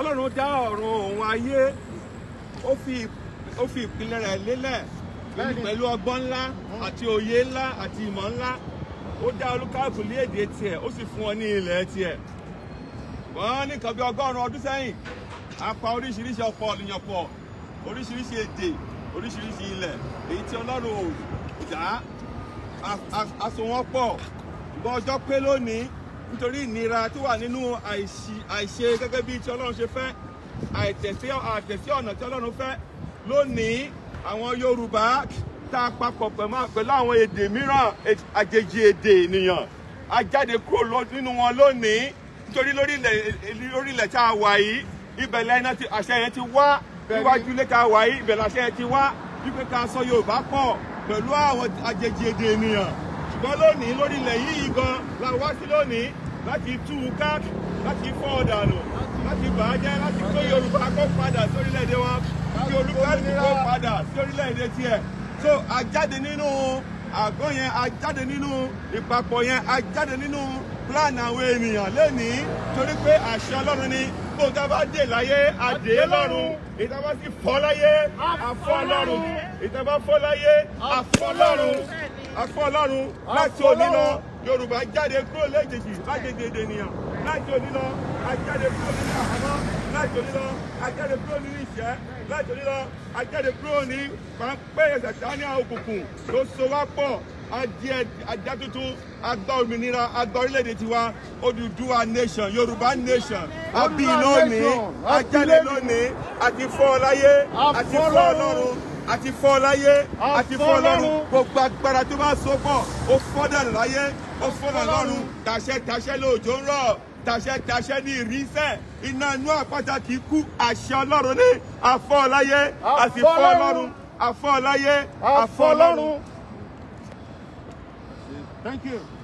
ọlọ́run dá ọ̀run òun ayé ó fi ìpìlẹ̀ rẹ̀ lélẹ̀ pẹ̀lú ọgbọ́n ńlá àti òye ńlá àti ìmọ̀ ńlá ó dá olúkálùkù ní èdè tiẹ̀ ó sì fún ọ ní ilẹ̀ tiẹ̀ wọ́n ní nǹkan bí ọgọ́rùn-ún ọdún sẹ́yìn a pa oríṣiríṣi ọ̀pọ̀ ènìyàn pọ̀ oríṣiríṣi èdè oríṣiríṣi ilẹ̀ èyí tí ọlọ́run ò dá a so wọ́n pọ̀ bọ́ ọjọ́ pé lónìí nítorí ìnira tó wà nínú àìṣe gẹ́gẹ́ bí ti ọlọ́run ṣe fẹ́ àìtẹ̀sí ọ̀nà tí ọlọ́run fẹ́ lónìí àwọn yorùbá tá a papọ̀ pẹ̀lú àwọn èdè mìíràn àjèjì èdè ènìyàn a jáde kúrò nínú wọn lónìí nítorí lórílẹ̀ tá a wà yìí ibẹ̀lẹ̀ iná àṣẹ yẹn ti wá níwájú ilé tá a wà yìí ibẹ̀lẹ̀ àṣẹ yẹn ti wá wípé ká sọ yorùbá pọ̀ pẹ̀lú àwọn àjèjì èdè ènìyàn ṣùgbọ́n lónìí lórílẹ̀ yìí la wá sí lónìí láti tú u ká láti fọ́ ọ̀dànù láti bà á jẹ́ láti kó Yorùbá kó padà sórílẹ̀-èdè wa kí olúkálùkù kó padà sórílẹ̀-èdè tiẹ̀ so àjáde nínú àgọ́ yẹn àjáde nínú ìpapọ̀ yẹn àjáde nínú plan àwọn ènìyàn lẹ́nìí torí pé àṣẹ Ọlọ́run ni gbogbo tá a bá dè láyé àdè lọ́run ìtàbá sì fọ́ láyé àfọ́ lọ́run ìtàbá fọ́ láyé àfọ́ lọ́run àfọ́ lọ́run láti òní lọ yorùbá jáde kúrò lẹ́jẹ̀jì lájẹ̀jẹ̀ ènìyàn láti onílọ ajáde kúrò nínú àhámọ́ láti onílọ ajáde kúrò nínú ìṣẹ́ láti onílọ ajáde kúrò ní pápẹ́ ìṣàtánì òkùnkùn tó so wá pọ̀ ajá tuntun agbá òmìnira agbá orílẹ̀-èdè tiwa Odùduwà nation yorùbá nation abí lónìí ajáde lónìí àti fọ́ ọláyé àti fọ́ ọlọ́run àti fọ́ láyé àti fọ́ lọ́run gbogbo agbára tó bá so pọ̀ ó fọ́dà láyé ó fọ́dà lọ́run tàṣẹ tàṣẹ lòjò ń rọ̀ tàṣẹ tàṣẹ ní ìrísẹ̀ iná inú àpáta kì í kú àṣẹ ọlọ́run ní àfọ́ láyé àti fọ́ lọ́run àfọ́ láyé àfọ́ lọ́run. Thank you.